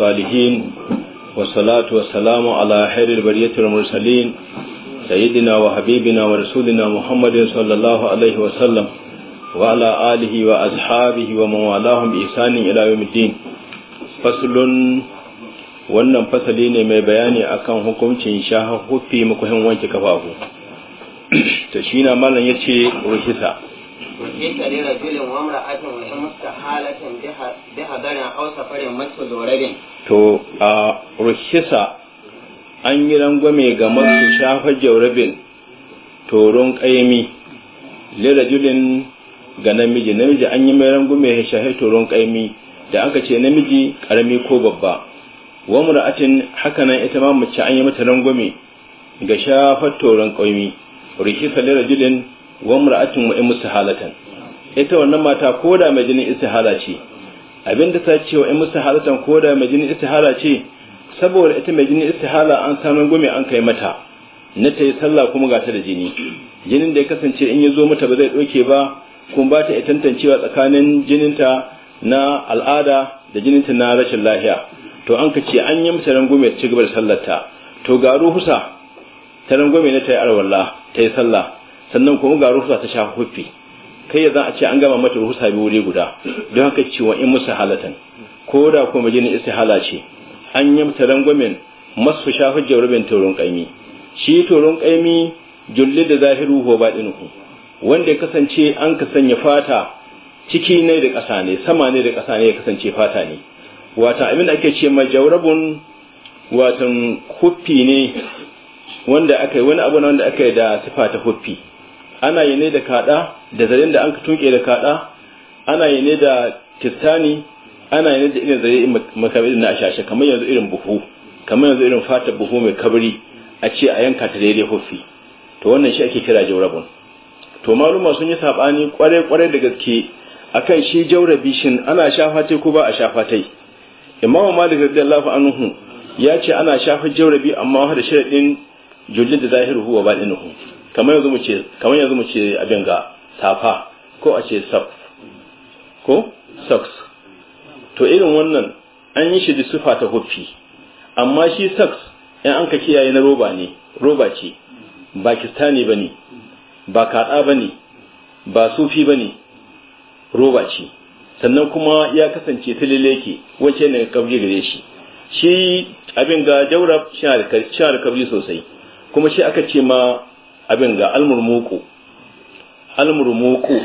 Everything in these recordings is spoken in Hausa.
الصالحين والصلاة والسلام على خير البرية المرسلين سيدنا وحبيبنا ورسولنا محمد صلى الله عليه وسلم وعلى آله وأصحابه ومن والاهم بإحسان إلى يوم الدين فصل wannan fasali ne mai bayani akan hukuncin shaha huffi makuhin wanke kafafu to shi na malam ya ce ruhisa وشيك لرجل وامرأة ومستحالة بحضر أو سفر مس زورب تو رشيسا أن yi rangwame ga شاف shafar تو رنك أيمي لرجل ganamiji namiji an yi mai rangwame ya shafi turon ƙaimi da aka ce namiji ƙarami ko babba wa mura'atin haka nan ita ma mace an yi mata rangu mai ga shafar toron ƙaimi rikisa lirajulin wa mar'atun wa halatan ita wannan mata koda mai jinin istihala ce abinda ta ce wa halatan koda mai jinin istihala ce saboda ita mai jinin istihala an sanan gome an kai mata na ta yi sallah kuma ga ta da jini jinin da ya kasance in ya zo mata ba zai doke ba kuma ba ta tantancewa tsakanin jininta na al'ada da jininta na rashin lahiya to an ka ce an yi mata rangume ta ci da sallarta to ga ruhusa ta rangume na ta yi arwalla ta yi sallah sannan kuma ga ruhusa ta sha huffi kai yanzu a ce an gama mata ruhusa biyu wuri guda don haka cewa in musu halatan ko da kuma jini istihala ce an yi mata rangwamen masu sha hujjar rubin taurin kaimi shi taurin kaimi julli da zahiru ko ku. wanda ya kasance an ka sanya fata ciki ne da ƙasa ne sama ne da ƙasa ne ya kasance fata ne wata abin da ake ce majaurabun watan huffi ne wanda aka yi wani abu na wanda aka yi da sifa ta huffi ana yi ne da kada da zaren da an ka tunke da kada ana yi ne da kirtani ana yi ne da irin zare makabiri na ashashe kamar yanzu irin buhu kamar yanzu irin fata buhu mai kabiri a ce a yanka ta daidai hufi to wannan shi ake kira jaurabun to maluma sun yi saɓani kwarai kwarai da gaske akan shi jaurabi shin ana shafa ko ba a shafa imam malik radiyallahu anhu ya ce ana shafa jaurabi amma da sharadin jullin da zahiru huwa badinuhu kamar yanzu mu ce kamar yanzu mu ce abin ga safa ko a ce socks ko socks to irin wannan an yi shi da sufa ta hufi amma shi socks in an ka kiyaye na roba ne roba ce ba kistani bane ba kaɗa bane ba sufi bane roba ce sannan kuma ya kasance tilileke wacce ne kabri gare shi shi abin ga jaurab shi da kabri sosai kuma shi aka ce ma abin ga almurmuku almurmuku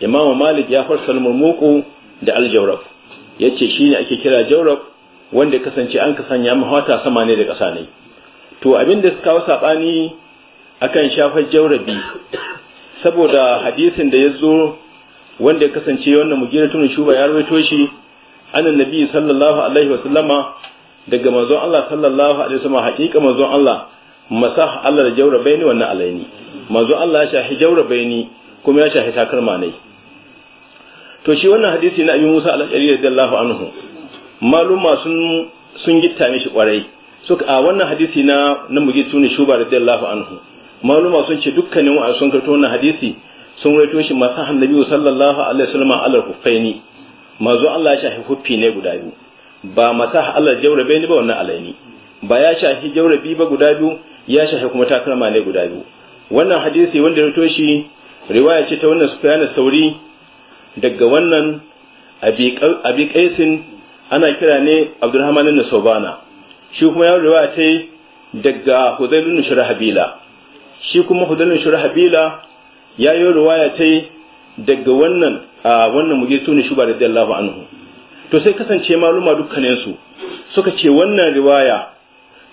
imamu malik ya farsa almurmuku da aljaurab ya ce shi ne ake kira jaurab wanda kasance an ka sanya mahawata sama ne da ƙasa ne to abin da suka wasa bani akan shafar jaurabi saboda hadisin da ya zo wanda ya kasance wannan mugira tun shuba ya rawaito shi anan nabi sallallahu alaihi wasallama daga manzon Allah sallallahu alaihi wasallama haƙiƙa manzon Allah masah Allah da jaura ni wannan alaini manzo Allah ya shahi jaura ni kuma ya shahi takalma ne to shi wannan hadisi na Abi Musa al-Ashari radiyallahu anhu maluma sun sun gitta mishi kwarai so a wannan hadisi na na muji tuni shuba radiyallahu anhu maluma sun ce dukkanin wa sun karto wannan hadisi sun raito shi masah nabi sallallahu alaihi wasallam ala huffaini manzo Allah ya shahi huffi ne guda biyu ba masah Allah bai ni ba wannan alaini ba ya shahi jaurabi ba guda biyu ya shafe kuma takalma ne guda biyu wannan hadisi wanda ya toshi riwaya ce ta wannan sufyan sauri daga wannan abi qaisin ana kira ne abdurrahman bin sobana shi kuma ya riwaya ta daga hudayl bin shurahbila shi kuma hudayl bin shurahbila ya yi riwaya ta daga wannan a wannan mugisu ne shuba radiyallahu anhu to sai kasance maluma dukkaninsu suka ce wannan riwaya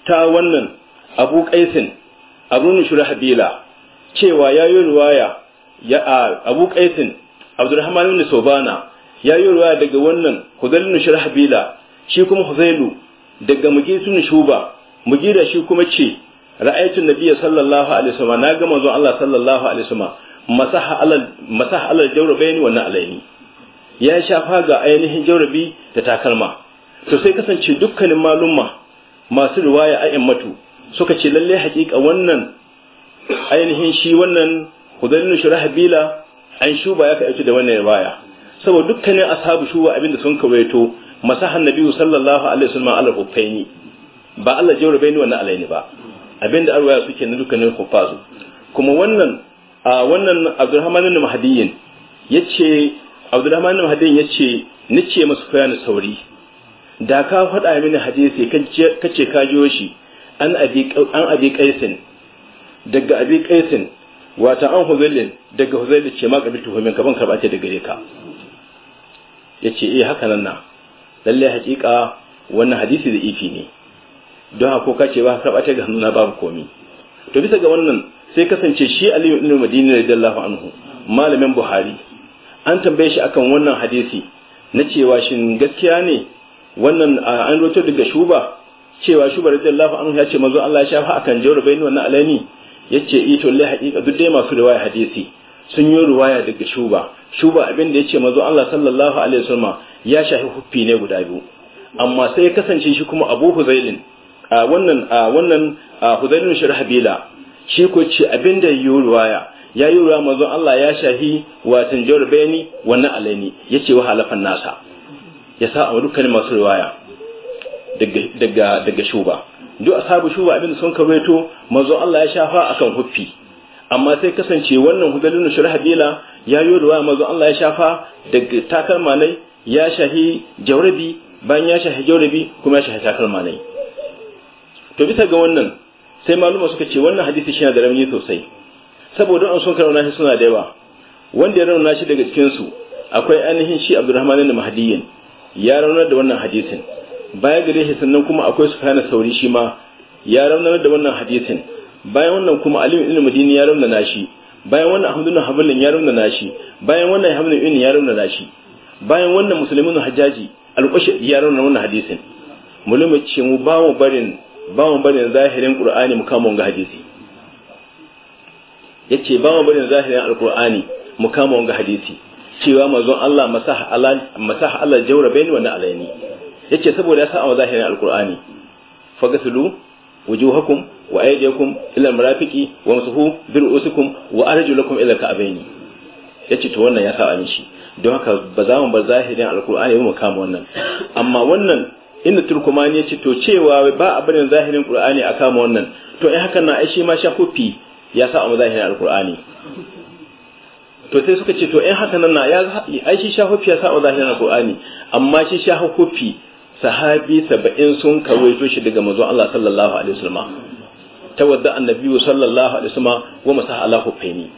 ta wannan abu qaisin abun shurahbila cewa yayi ruwaya ya abu qaisin abdurrahman ibn sobana yayi ruwaya daga wannan huzail ibn shurahbila shi kuma huzailu daga mugis ibn shuba mugira shi kuma ce ra'aytu nabiyyi sallallahu alaihi wasallam na ga manzon Allah sallallahu alaihi wasallam masaha alal masaha alal jawrabaini wa na'alaini ya shafa ga ainihin jawrabi da takalma to sai kasance dukkanin malumma masu riwaya a suka ce lalle haƙiƙa wannan ainihin shi wannan hudarin habila an shuba ya kai da wannan baya. saboda dukkanin ashabu shuba abinda sun kawaito masahan nabiyyu sallallahu alaihi wasallam ala huffaini ba Allah jawra baini wannan alaini ba abinda arwaya suke na dukkanin hufazu kuma wannan a wannan Abdurrahman ibn Mahdiyin yace Abdurrahman ibn Mahdiyin yace nace masu fayani sauri da ka faɗa mini hadisi kace ka jiyo shi an abi kaisin daga abi kaisin wata an huzailin daga huzailin ce ma kabiltu humin ka ban daga gare ka yace eh haka nan na lallai hakika wannan hadisi da ifi ne don haka ko ka ce ba karba ga hannuna babu komi to bisa ga wannan sai kasance shi Aliyu ibn Madini radiyallahu anhu malamin Buhari an tambaye shi akan wannan hadisi na cewa shin gaskiya ne wannan an roto daga shuba cewa shubar radiyallahu anhu ya ce manzo Allah ya shafa akan jawar bayin wannan alani Ya ce eh to lai haƙiƙa duk dai masu riwaya hadisi sun yi riwaya daga shuba shuba abin da ce manzo Allah sallallahu alaihi wasallam ya shafi huffi ne guda biyu amma sai ya kasance shi kuma Abu Huzailin a wannan a wannan Huzailin shi ko ce abin da yi riwaya ya yi ruwa manzo Allah ya shafi watan jawar bayani wannan ya ce wa halafan nasa ya sa a masu riwaya daga daga shuba duk ashabu shuba abin da sun kawaito manzo Allah ya shafa akan huffi amma sai kasance wannan hudalin shurha bila ya yi ruwa manzo Allah ya shafa daga takalma ne ya shahi jawrabi bayan ya shahi jawrabi kuma ya shahi takalma ne to bisa ga wannan sai maluma suka ce wannan hadisi shi da rauni sosai saboda an sun karanta shi suna da yawa wanda ya rauna shi daga cikin su akwai ainihin shi Abdurrahman bin Mahdiyyin ya raunar da wannan hadisin baya gare shi sannan kuma akwai kana sauri shi ma ya raunana da wannan hadisin bayan wannan kuma alim ibn madini ya raunana shi bayan wannan ahmad ibn hanbal ya raunana shi bayan wannan ahmad ibn ya raunana shi bayan wannan muslimin hajjaji al ya raunana wannan hadisin mulmu ce mu ba mu barin ba mu barin zahirin qur'ani mu kama wanga hadisi yace ba mu barin zahirin alqur'ani mu kama wanga hadisi cewa mazon Allah masaha Allah masaha Allah jawra bayni wa na alaini yace saboda ya san a zahirin alqur'ani fagasulu wujuhakum wa aydiyakum ila almarafiqi wa masuhu bi ru'usikum wa arjulakum ila alka'baini yace to wannan ya an shi don haka ba za mu bar zahirin alqur'ani mu kama wannan amma wannan inda turkumani yace to cewa ba a barin zahirin qur'ani a kama wannan to in hakan na ai shi ma shakufi ya saba zahirin alqur'ani to sai suka ce to in haka nan na ya ai shi shahufi ya saba zahirin alqur'ani amma shi shahufi sahabi saba'in sun karwaito shi daga mazuwa Allah sallallahu alaihi wasallam wadda annabi sallallahu alaihi wasallam wa masaha ala hufaini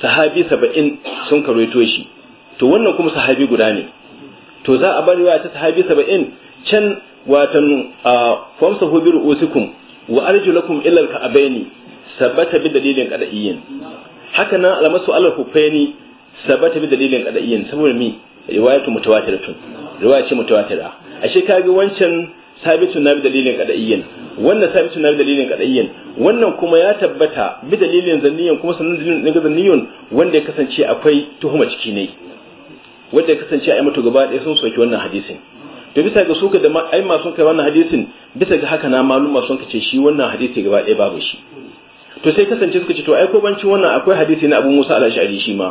sahabi saba'in sun karwaito shi to wannan kuma sahabi guda ne to za a bar riwaya ta sahabi saba'in can watan famsa hu bi ru'usikum wa arjulakum ila al-ka'baini sabata bi dalilin qada'iyyin haka nan almasu ala hufaini sabata bi dalilin qada'iyyin saboda mi riwayatu mutawatiratun riwaya ce mutawatira ashe ka ga wancan sabitu na bi dalilin kada'iyyan wannan sabitu na bi dalilin kada'iyyan wannan kuma ya tabbata bi dalilin zanniyan kuma sannan dalilin daga wanda ya kasance akwai tuhuma ciki ne wanda ya kasance a mutu gaba ɗaya sun soki wannan hadisin to bisa ga suka da ai masu kai wannan hadisin bisa ga haka na maluma sun kace shi wannan hadisi gaba ɗaya babu shi to sai kasance suka ce to ai ko banci wannan akwai hadisi na Abu Musa al-Ash'ari shi ma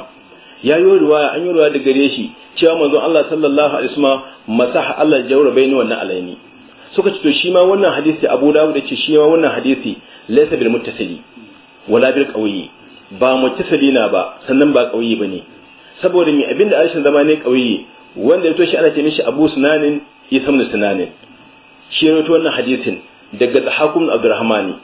ya yi ruwaya an yi ruwaya da gare shi cewa manzon Allah sallallahu alaihi wasallam masaha Allah jawra baini wannan alaini suka ce to shi ma wannan hadisi Abu Dawud ce shi ma wannan hadisi laysa bil muttasili wala bil qawiyyi ba muttasili na ba sannan ba qawiyyi bane saboda mai abinda Aisha zama ne qawiyyi wanda ya toshe ana ce mishi Abu Sunanin Isam Sunanin shi ya wannan hadisin daga Tahakum Abdurrahmani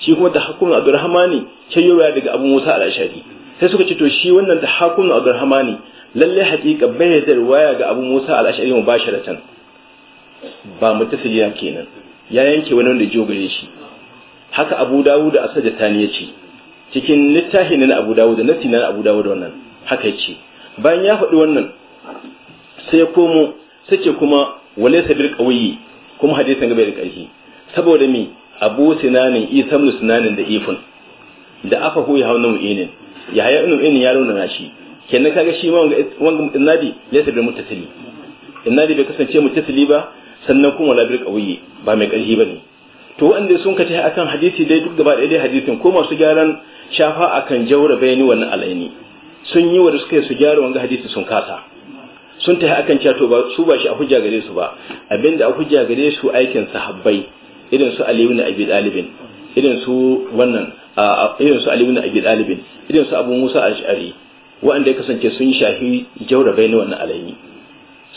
shi kuma Tahakum Abdurrahmani ce yawa daga Abu Musa al-Ashari sai suka ce to shi wannan da hakumin abdurrahmani lalle haƙiƙa bai da waya ga abu musa al-ash'ari can ba mu mutasiliya kenan ya yanke wani wanda jiyo gare shi haka abu dawud da asar da tani ce. cikin littafi na abu dawud da nasi na abu da wannan haka ce. bayan ya faɗi wannan sai komo sace kuma wale sabir qawiyyi kuma hadisan gaba da ƙarfi saboda mi abu sinanin musu sinanin da ifin da afa huwa hawna mu'inin Yahaya inu in ya launa shi kenan kaga shi ma wanga innabi laysa bil muttasili innabi bai kasance muttasili ba sannan kuma wala bil qawi ba mai karfi bane to wanda sun kace akan hadisi dai duk gaba dai hadisin ko masu gyaran shafa akan jaura bayani wannan alaini sun yi wa da suka su gyara wanga hadisi sun kasa sun tafi akan cewa to ba su ba shi a hujja gare su ba abinda a hujja gare su aikin sahabbai irin su Aliyu na Abi dalibin irin su wannan irin su alimin a gidalibin irin su abu musa shari waɗanda ya kasance sun shafi jaura bai wannan alayi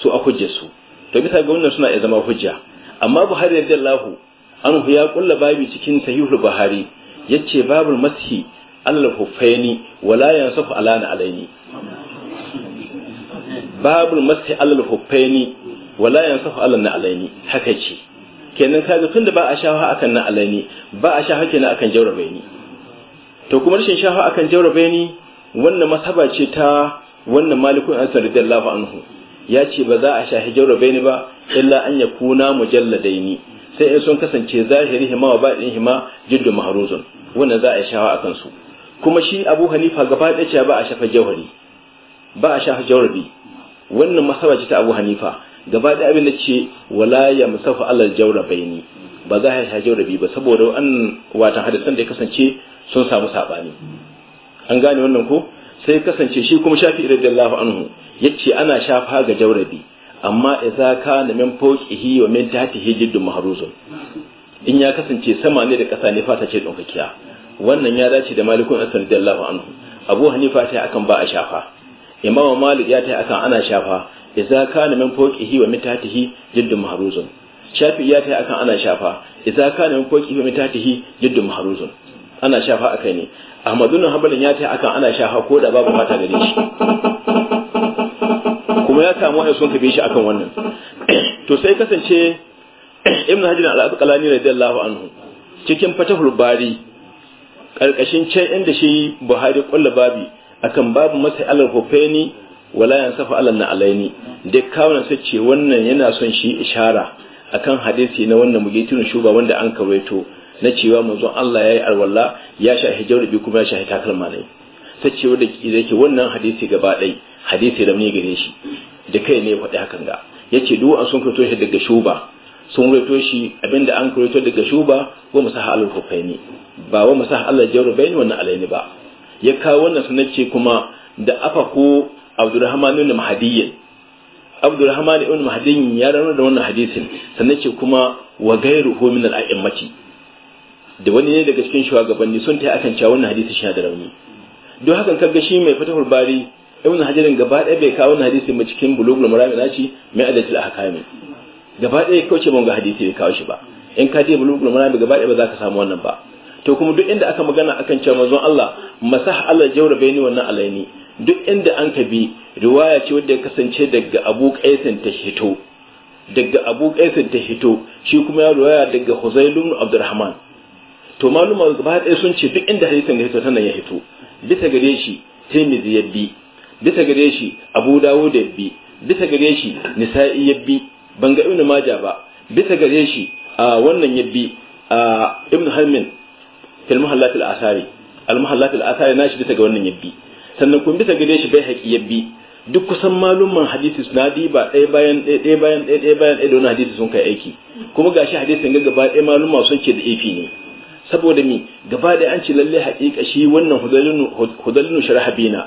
su a hujja su to bisa ga wannan suna ya zama hujja amma buhari radiyallahu an ya kulla babi cikin sahihul buhari yace babul mashi alal hufaini wala yansafu alana alaini babul mashi alal hufaini wala yansafu alana alayni haka ce kenan kaga tunda ba a shafa akan na alayni ba a shafa kenan akan jaura bai to kuma rashin shafa akan jaurabe ni wannan masaba ce ta wannan malikun da radiyallahu anhu ya ce ba za a shahi jaurabe ni ba illa an yakuna mujalladaini sai in sun kasance zahiri hima wa baɗin hima jiddu maharuzun wannan za a yi shawa a kansu kuma shi abu hanifa gaba ɗaya cewa ba a shafa jawhari ba a shafa jawrabi wannan masaba ce ta abu hanifa gaba ɗaya abin da ce wala ya musafa alal jawrabaini ba za a shaje rabi ba saboda an watan hadisan da ya kasance sun samu saɓani. an gane wannan ko sai kasance shi kuma shafi radiyallahu anhu yace ana shafa ga jaurabi amma idza kana min fawqihi wa min tahtihi mahruzun in ya kasance sama ne da ƙasa ne fata ce ɗaukakiya wannan ya dace da malikun asan radiyallahu anhu abu hanifa ta akan ba a shafa imam malik ya ta akan ana shafa idza kana min fawqihi wa min tahtihi jiddun mahruzun shafi ya ta akan ana shafa idza kana ko fawqi fa mitatihi jiddu mahruzun ana shafa akai ne ahmadun hanbalin ya ta akan ana shafa ko da babu mata gare shi kuma ya samu wani sun tafi shi akan wannan to sai kasance ibnu hajar al-asqalani radiyallahu anhu cikin fatahul bari karkashin can inda shi buhari kullu babi akan babu masa alal hufaini wala yansafa alal na'alaini duk kawunan sai ce wannan yana son shi ishara akan hadisi na wannan mugitinu shuba wanda an kawaito na cewa manzo Allah ya yi alwala ya shahe jawrabi kuma ya shahe takalma ne ta ce wanda yake wannan hadisi gaba ɗai hadisi da ne gare shi da kai ne faɗi hakan ga yace duk an sun kawaito shi daga shuba sun rawaito shi abinda an kawaito daga shuba ko musaha alal kufaini ba wa musaha jawru jawrabaini wannan alaini ba ya kawo wannan sunan ce kuma da afa ko Abdurrahman ibn Mahdiyyah Abdulrahman ibn mahdin ya ranar da wannan hadisin sannan ce kuma wa gairu min al-a'immati da wani ne daga cikin shugabanni sun ta akan cewa wannan hadisi shi da rauni don hakan kaga shi mai fatahul bari ibn hajarin gaba ɗaya bai kawo wannan hadisin ba cikin bulugul marami ci mai adatul ahkami gaba ɗaya kauce ban ga hadisi bai kawo shi ba in ka je bulugul marami gaba ɗaya ba za ka samu wannan ba to kuma duk inda aka magana akan cewa manzon Allah masah Allah jawra baini wannan alaini duk inda an ka bi riwaya ce wadda ya kasance daga abu kaisin ta hito daga abu kaisin ta hito shi kuma ya riwaya daga huzailun abdurrahman to maluma gaba ɗaya sun ce duk inda hadisin ya hito sannan ya hito bisa gare shi tirmidhi ya bi bisa gare shi abu dawo ya bi bisa gare shi nisa'i ya bi ban ga ibnu maja ba bisa gare shi wannan ya bi ibnu halmin fil muhallat asari al muhallat al asari nashi bisa ga wannan ya bi sannan kun bisa gare shi bai haƙi yabbi duk kusan malumman hadisi suna diba ɗaya bayan ɗaya bayan ɗaya ɗaya bayan ɗaya da wani hadisi sun kai aiki kuma gashi hadisin ga gaba ɗaya malumma sun ce da ifi ne saboda mi gaba ɗaya an ce lallai haƙiƙa shi wannan hudalinu sharahabina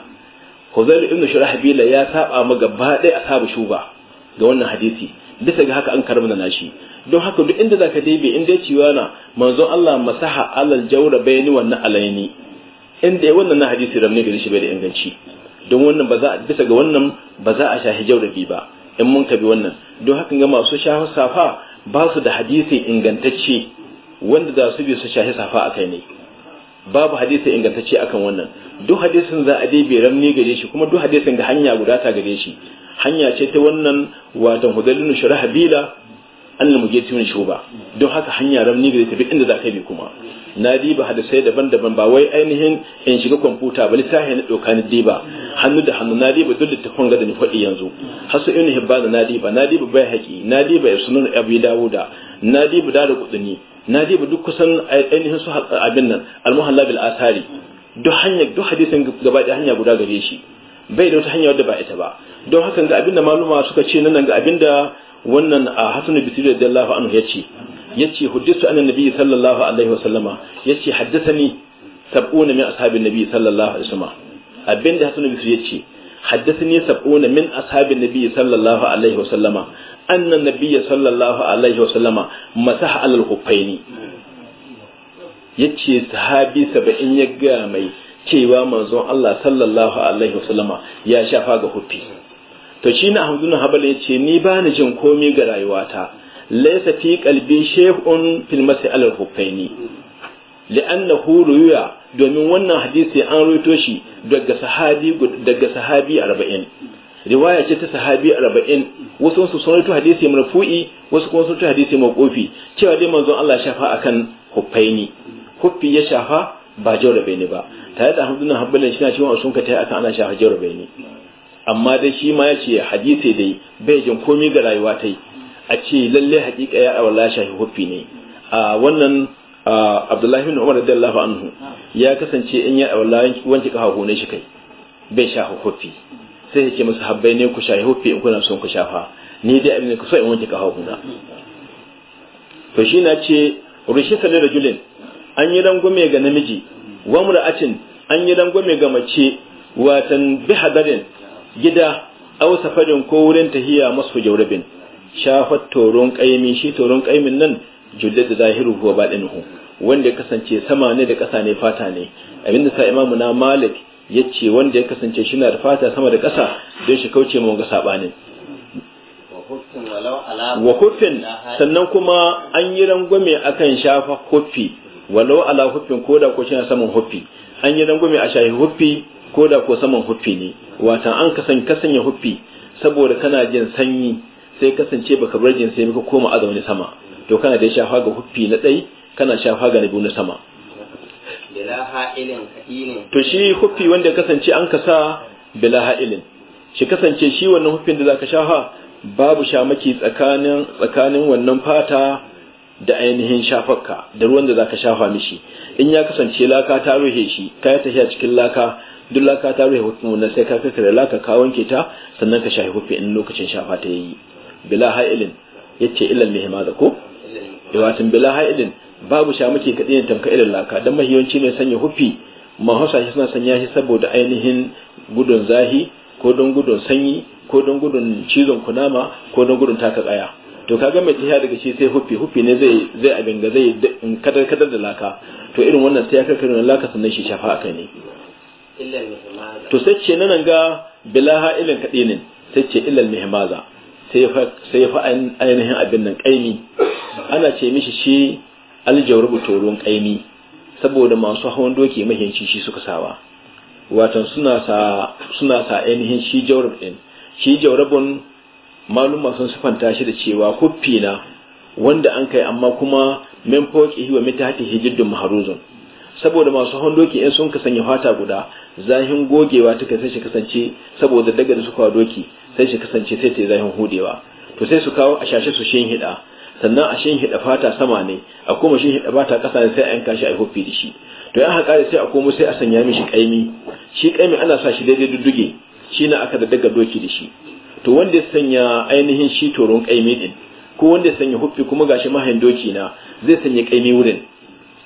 hudalinu ibnu sharahabila ya saba ma gaba ɗaya sabu shuba ga wannan hadisi bisa ga haka an na nashi don haka duk inda zaka daibe inda ya ciwa na manzon Allah masaha alal jawra bayani wannan alaini inda ya wannan na hadisi ramne ga shi bai da inganci don wannan ba za a bisa ga wannan ba za a shahi jaurabi ba in mun ka bi wannan don hakan ga masu shahu safa ba su da hadisi ingantacce wanda za su bi su shahi safa a kai ne babu hadisi ingantacce akan wannan duk hadisin za a dai ramne gare shi kuma duk hadisin ga hanya guda ta gare shi hanya ce ta wannan watan hudalin habila annal shi ba don haka hanya ramni ga tafi inda za ka bi kuma na diba sai daban-daban ba wai ainihin in shiga kwamfuta ba lissafi na doka na diba hannu da hannu na diba duk littafin ga da ni faɗi yanzu hasu ina hibban na diba na diba bai haƙi na diba ya sunan abi dawuda na diba da da kudini na diba duk kusan ainihin su abin nan almuhalla bil asari duk hanyar duk hadisin gaba da hanya guda gare shi bai da wata hanya wadda ba ita ba don haka ga abinda maluma suka ce nan ga abinda wannan a dallafa anu ya ce ya ce huddisu anan nabi sallallahu alaihi wasallama haddasa ni sab'una min ashabin nabi sallallahu alaihi wasallama abinda ya ce, haddasa ni sab'una min ashabin nabi sallallahu alaihi wasallama annan nabi sallallahu alaihi wasallama masaha alal khuffaini yace sahabi saba'in ya ga mai cewa manzon Allah sallallahu alaihi wasallama ya shafa ga huffi to shi na na habal ya ce ni ba ni jin komai ga rayuwata Laisa fi kalbi shehun fil mas'al al-huffaini hu ruya domin wannan hadisi an ruwaito shi daga sahabi daga sahabi 40 riwaya ce ta sahabi 40 wasu sun ruwaito hadisi marfu'i wasu kuma sun ruwaito hadisi mawqufi cewa dai manzon Allah shafa akan hufaini. hufi ya shafa ba jaurabe ne ba tare da Ahmad ibn ya shi na cewa sun ka tayi akan ana shafa jaurabe ne amma dai shi ma ya ce hadisi dai bai jin komi ga rayuwa ta yi a ce lalle hakika ya awalla shahi hufi ne a wannan abdullahi bin umar radiyallahu anhu ya kasance in ya awalla wanke kafa ne shi kai bai sha hufi. sai ya ce masa habbai ne ku sha hufi in kuna son ku shafa ni dai abin ku so in wanke kafa na to shi na ce rishi sale rajulin an yi rangwame ga namiji wa mura'atin an yi rangwame ga mace watan hadarin gida au safarin ko wurin tahiya masu jawrabin shafat toron kaimi shi toron kaimin nan jullat da zahiru huwa badinuhu wanda ya kasance sama ne da ƙasa ne fata ne abinda sa imamu na malik ya wanda ya kasance shi na da fata sama da kasa don shi kauce mu ga saɓanin wa kuffin sannan kuma an yi rangwame akan shafa huffi walau ala huffin ko ko shi na saman huffi an yi rangwame a shahi huffi ko da ko saman huffi ne watan an kasan kasanya huffi saboda kana jin sanyi sai kasance baka bar jin sai ka koma a sama to kana da shafa ga huffi na ɗai kana shafa ga na biyu na sama to shi huffi wanda kasance an kasa bila ha'ilin shi kasance shi wannan huffin da zaka shafa babu shamaki tsakanin tsakanin wannan fata da ainihin shafarka da ruwan da zaka shafa mishi in ya kasance laka ta ruhe shi ka yi shi cikin laka duk laka ta rufe hufin wannan sai ka kakare laka ka wanke ta sannan ka shafi hufi in lokacin shafa ta yi. bila ha'ilin yace ilal da ko yawatin bila ha'ilin babu sha muke kadin tamka ilal laka dan mahiyanci ne sanya hufi hausa shi suna sanya shi saboda ainihin gudun zahi ko don gudun sanyi ko don gudun cizon kunama ko don gudun taka kaya to kaga mai tafiya daga shi sai hufi hufi ne zai zai abin ga zai kadar kadar da laka to irin wannan sai ya karkare laka sannan shi shafa akai ne to sai ce nan ga bilaha ilin ne sai ce illal mihmaza sai ya fa ainihin abin nan kaimi ana ce mishi shi aljawrubu toron kaimi saboda masu hawan doki mahimci shi suka sawa watan suna sa ainihin shi jawrab din shi jawrabun maluma sun sifanta shi da cewa kuffina na wanda an kai amma kuma min foki wa min tahtihi jiddun mahruzun saboda masu doki in sun ka sanya fata guda zahin gogewa take sai shi kasance saboda daga da su kawo doki sai shi kasance sai ta yi zahin hudewa to sai su kawo a shashe su shin hida sannan a shin hida fata sama ne a kuma shin hida fata kasa ne sai a yanka shi a hufi da shi to yan haka sai a komo sai a sanya mishi kaimi shi kaimi ana sa shi daidai dudduge shi na aka da daga doki da shi to wanda ya sanya ainihin shi toron kaimi din ko wanda ya sanya hufi kuma gashi mahayin doki na zai sanya kaimi wurin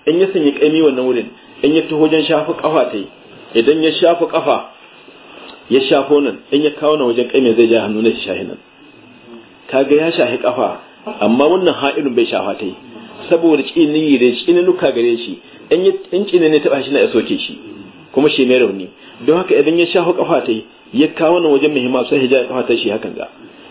in ya sanya kaimi wannan wurin in ya taho wajen shafi kafa ta idan ya shafi kafa ya shafo nan in ya kawo na wajen kaimi zai ja hannu na shi shahi nan kaga ya shahi kafa amma wannan ha'ilun bai shafa ta saboda kinin yi da kinin nuka gare shi in kinin ne taba shi na ya soke shi kuma shi mai rauni don haka idan ya shafi kafa ta ya kawo na wajen muhimman sai ja kafa ta shi hakan ga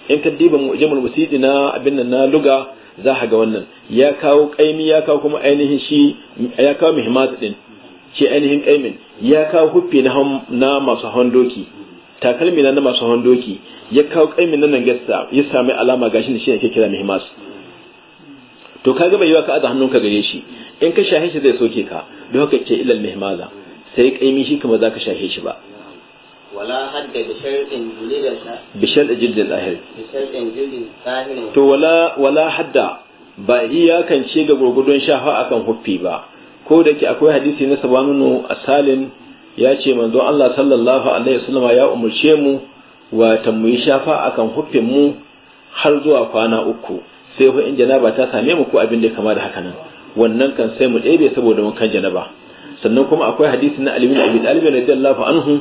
in ka diba mujamul musidi na abin nan na luga za ka ga wannan ya kawo kaimi ya kawo kuma ainihin shi ya kawo muhimmat din ce ainihin kaimin ya kawo huffi na masu hawan doki takalmi na masu hawan doki ya kawo kaimin nan gasta ya sami alama gashi da shi ne ke kira muhimmat to ka ga bai yiwa ka aza hannunka gare shi in ka shahe shi zai soke ka don haka ce ilal mihmaza sai kaimi shi kuma za ka shahe shi ba ولا حد بشرط جلد بشرط جلد طاهر بشرط جلد طاهر تو ولا ولا حد ba iyakance ga gurgudun shafa akan huffi ba ko da ke akwai hadisi na sabanunu a salin ya ce manzon Allah sallallahu alaihi wasallam ya umarce mu wa mu yi shafa akan huffin mu har zuwa kwana uku sai fa in janaba ta same mu ko abin da kama da haka nan wannan kan sai mu ɗebe saboda mun kan janaba sannan kuma akwai hadisi na Ali bin Abi Talib radiyallahu anhu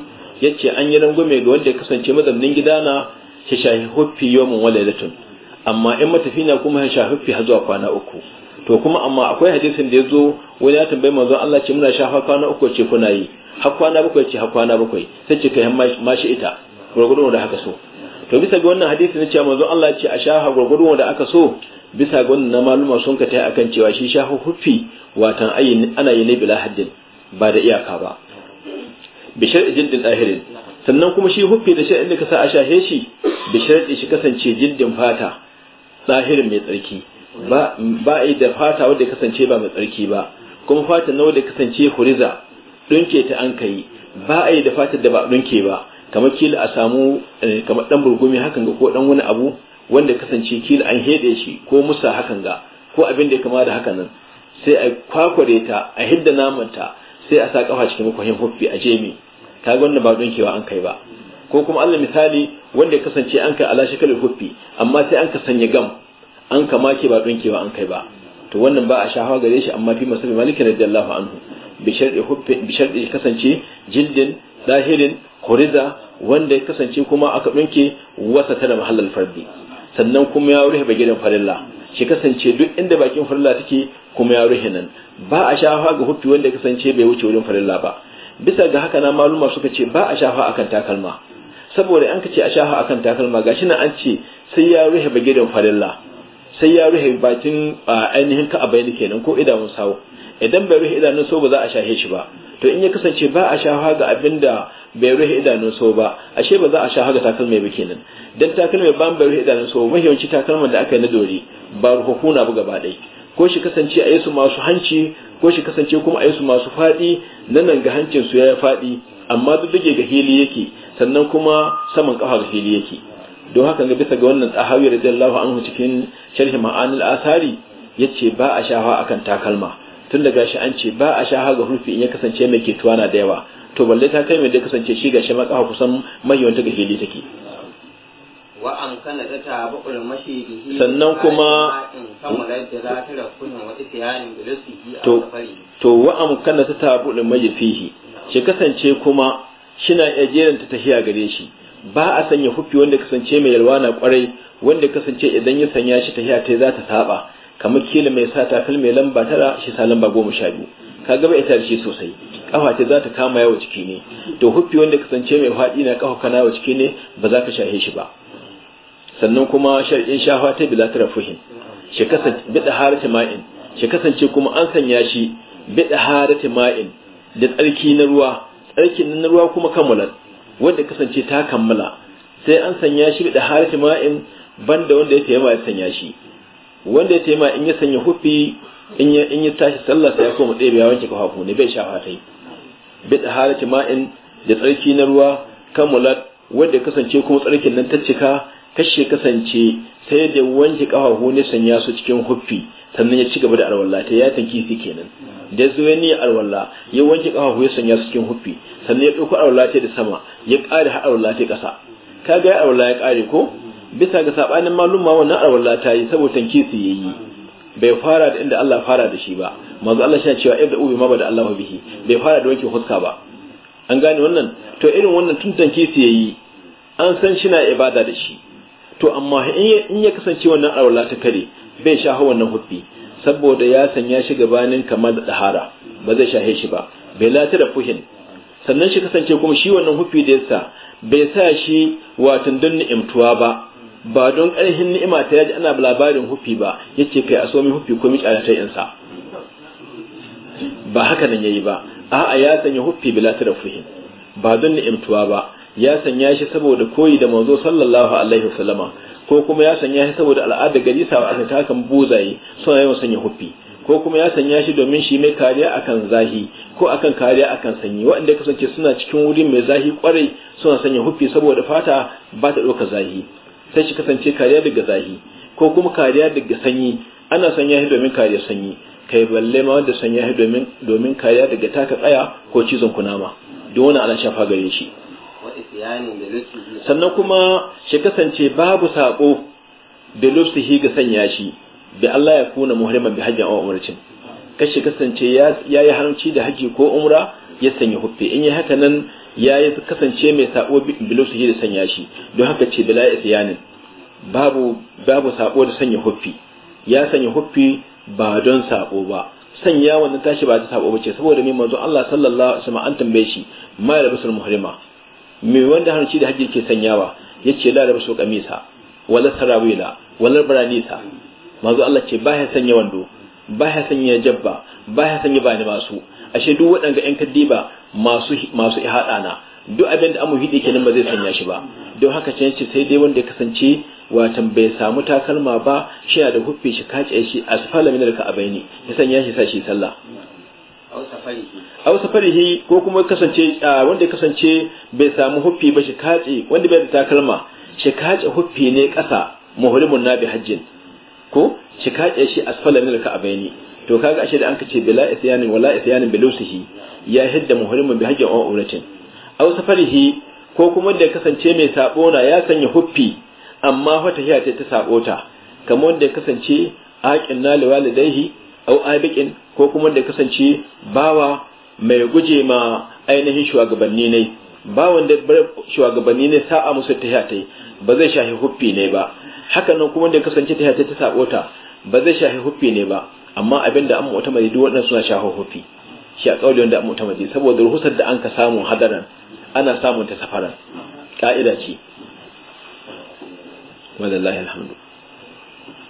yace an yi rangume ga wanda ya kasance mazaunin gida na ya shafi huffi yawmin walailatun amma in matafi na kuma ya shafi huffi har zuwa kwana uku to kuma amma akwai hadisin da ya zo wani ya tambayi manzo Allah ce muna shafa kwana uku ce kuna yi har kwana bakwai ce har kwana bakwai sai ce kai ma shi ita gurgurun da haka so to bisa ga wannan hadisi na ce manzo Allah ce a shaha gurgurun da aka so bisa ga wannan maluma sun ka tayi akan cewa shi shahu huffi watan ayi ana yi ne bila haddin ba da iyaka ba bi shar'i jildin ahirin sannan kuma shi huffi da shar'in da ka sa a shahe shi bi shar'i shi kasance jildin fata tsahirin mai tsarki ba ba da fata wanda kasance ba mai tsarki ba kuma fata nawa da kasance huriza dunke ta an kai ba a yi da fatar da ba dunke ba kamar kila a samu eh, kamar dan burgumi hakan ga ko dan wani abu wanda kasance kila an hede shi ko musa hakan ga ko abin da ya kama da hakan nan sai a kwakware ta a hidda namanta sai a sa kafa cikin makwahin huffi a jemi kaga wannan ba donkewa an kai ba ko kuma Allah misali wanda ya kasance an kai ala shakal huffi amma sai an ka sanya gam an ka make ba donkewa an kai ba to wannan ba a shahawa gare shi amma fi masabi maliki radiyallahu anhu bi shar'i huffi bi kasance jildin dahirin huriza wanda ya kasance kuma aka dunke wasa ta da mahallal fardi sannan kuma ya ruhe ba gidan farilla shi kasance duk inda bakin farilla take kuma ya ruhe nan ba a shahawa ga huffi wanda ya kasance bai wuce wurin farilla ba bisa ga haka na maluma suka ce ba a shafa akan takalma saboda an ka ce a shafa akan takalma gashi nan an ce sai ya ruhe rufe gidan farilla sai ya ruhe bakin ainihin ka ne kenan ko idanun sawo idan bai rufe idanun sawo ba za a shahe shi ba to in ya kasance ba a shafa ga abin da bai rufe idanun sawo ba ashe ba za a shafa ga takalma ba kenan dan takalma ba bai rufe idanun sawo mahimmanci takalman da aka yi na dori ba ruhuhu na ba gaba ɗaya ko shi kasance a yesu masu hanci ko shi kasance kuma a yesu masu faɗi na nan ga hancin su ya faɗi amma duk dage ga hili yake sannan kuma saman kafa ga hili yake don haka ga bisa ga wannan tsahawi radiyallahu anhu cikin sharhi ma'anil asari yace ba a shafa akan takalma tun da gashi an ce ba a shafa ga hulfi in ya kasance mai ketuwa na da yawa to balle ta kai mai da kasance shi ga shi makafa kusan mai yawan ta ga hili take sannan kuma to wa kana ta tabul maji fihi shi kasance kuma shina iya ta tahiya gare shi ba a sanya hufi wanda kasance mai yalwana kwarai wanda kasance idan ya sanya shi tahiya ta za ta saba kamar kila mai sa tafil mai lamba tara shi sa lamba goma sha biyu ka gaba ita sosai kafa ce za ta kama yawa ciki ne to hufi wanda kasance mai faɗi na kafa kana yawa ciki ne ba za ka shahe shi ba sannan kuma shar'in shafa ta bila fuhim, shi kasance bida harata ma'in shi kasance kuma an sanya shi bida harati ma'in da tsarki na ruwa Tsarki na ruwa kuma kammalar wanda kasance ta kammala sai an sanya shi bida harati ma'in banda wanda ya tayyama ya sanya shi wanda ya tayyama in ya sanya hufi in ya in ya tashi sallah sai ya koma ɗebe ya wanke kafafu ne bai shafa sai bida harati ma'in da tsarki na ruwa kammalar wanda kasance kuma tsarkin nan ta cika kashe kasance sai da wanke kafafu ne sanya su cikin huffi sannan ya ci gaba da alwala ta ya tanki su kenan da zo ne alwala ya wanke kafafu ya sanya su cikin huffi sannan ya dauko alwala ta da sama ya kare har alwala ta kasa kaga ya alwala ya kare ko bisa ga sabanin maluma wannan alwala ta yi saboda tankisi yayi bai fara da inda Allah fara da shi ba manzo Allah shi cewa ibda ubi ma ba bada Allahu bihi bai fara da wanke huska ba an gane wannan to irin wannan tun tankisi yayi an san shi na ibada da shi to amma in ya kasance wannan alwala ta kare bai sha wannan hufi. saboda ya sanya shi gabanin kamar da dahara ba zai shahe shi ba bai lati da fuhin sannan shi kasance kuma shi wannan hufi da yasa bai sa shi watan dunni ni'imtuwa ba ba don ƙarfin ni'ima ta yaji ana labarin hufi ba yace kai a so mi hufi ko mi ta yansa ba haka nan yayi ba a'a ya sanya hufi bila ta da fuhin ba don ni'imtuwa ba ya sanya shi saboda koyi da manzo sallallahu alaihi wasallama ko kuma ya sanya shi saboda al'ada gari sa a ta kan buzaye suna yawan sanya hufi ko kuma ya sanya shi domin shi mai kariya akan zahi ko akan kariya akan sanyi waɗanda ya kasance suna cikin wuri mai zahi kwarai suna sanya hufi saboda fata ba ta ɗauka zahi sai shi kasance kariya daga zahi ko kuma kariya daga sanyi ana sanya shi domin kariya sanyi kai balle ma wanda sanya shi domin kariya daga taka tsaya ko cizon kunama duk wani ana shafa gare shi sannan kuma shi kasance babu sako da lufsihi ga sanya shi da Allah ya kuna muhrimin bi hajjin aw ka kashi kasance ya yi haramci da haji ko umra ya sanya hufi in yi haka nan ya yi kasance mai sako bi lufsihi da sanya shi don haka ce bila isyanin babu babu sako da sanya hufi ya sanya hufi ba don sako ba sanya wannan tashi ba ta ba bace saboda mai manzo Allah sallallahu alaihi wasallam an tambaye shi mai da muhrima me wanda hanci da hajji ke sanyawa ce la rabsu qamisa wala sarawila wala baranisa Mazu Allah ce ba ya sanya wando ba ya sanya jabba ba ya sanya bani masu ashe duk waɗanga ƴan kaddiba masu masu ihada na duk abin da amu hidi kenan ba zai sanya shi ba don haka can ce sai dai wanda ya kasance watan bai samu takalma ba shi da hufi shi kace shi asfala min alka'abaini ya sanya shi sa shi sallah aw safarihi ko kuma kasance wanda ya kasance bai samu huffi ba shi kace wanda bai da takalma shi kace huffi ne kasa muhrimun nabi hajjin ko shi kace shi asfala min ka'abaini to kaga ashe da an kace bila isyanin wala isyanin bilusihi ya hidda muhrimun bi hajjin a uratin aw safarihi ko kuma da kasance mai sabo na ya sanya huffi amma ya ce ta saɓota. kamar wanda ya kasance aqin na liwalidaihi au abiqin ko kuma da kasance bawa mai guje ma ainihin shugabanni ne bawan da shugabanni ne sa'a musu tahiyatai ba zai shahi huffi ne ba haka nan kuma da kasance tahiyatai ta ta ba zai shahi huffi ne ba amma abinda an mu'tamadi duk waɗannan suna shaho huffi shi a kauli wanda an mu'tamadi saboda ruhusar da an ka samu hadaran ana samun ta safaran ka'ida ce wallahi alhamdu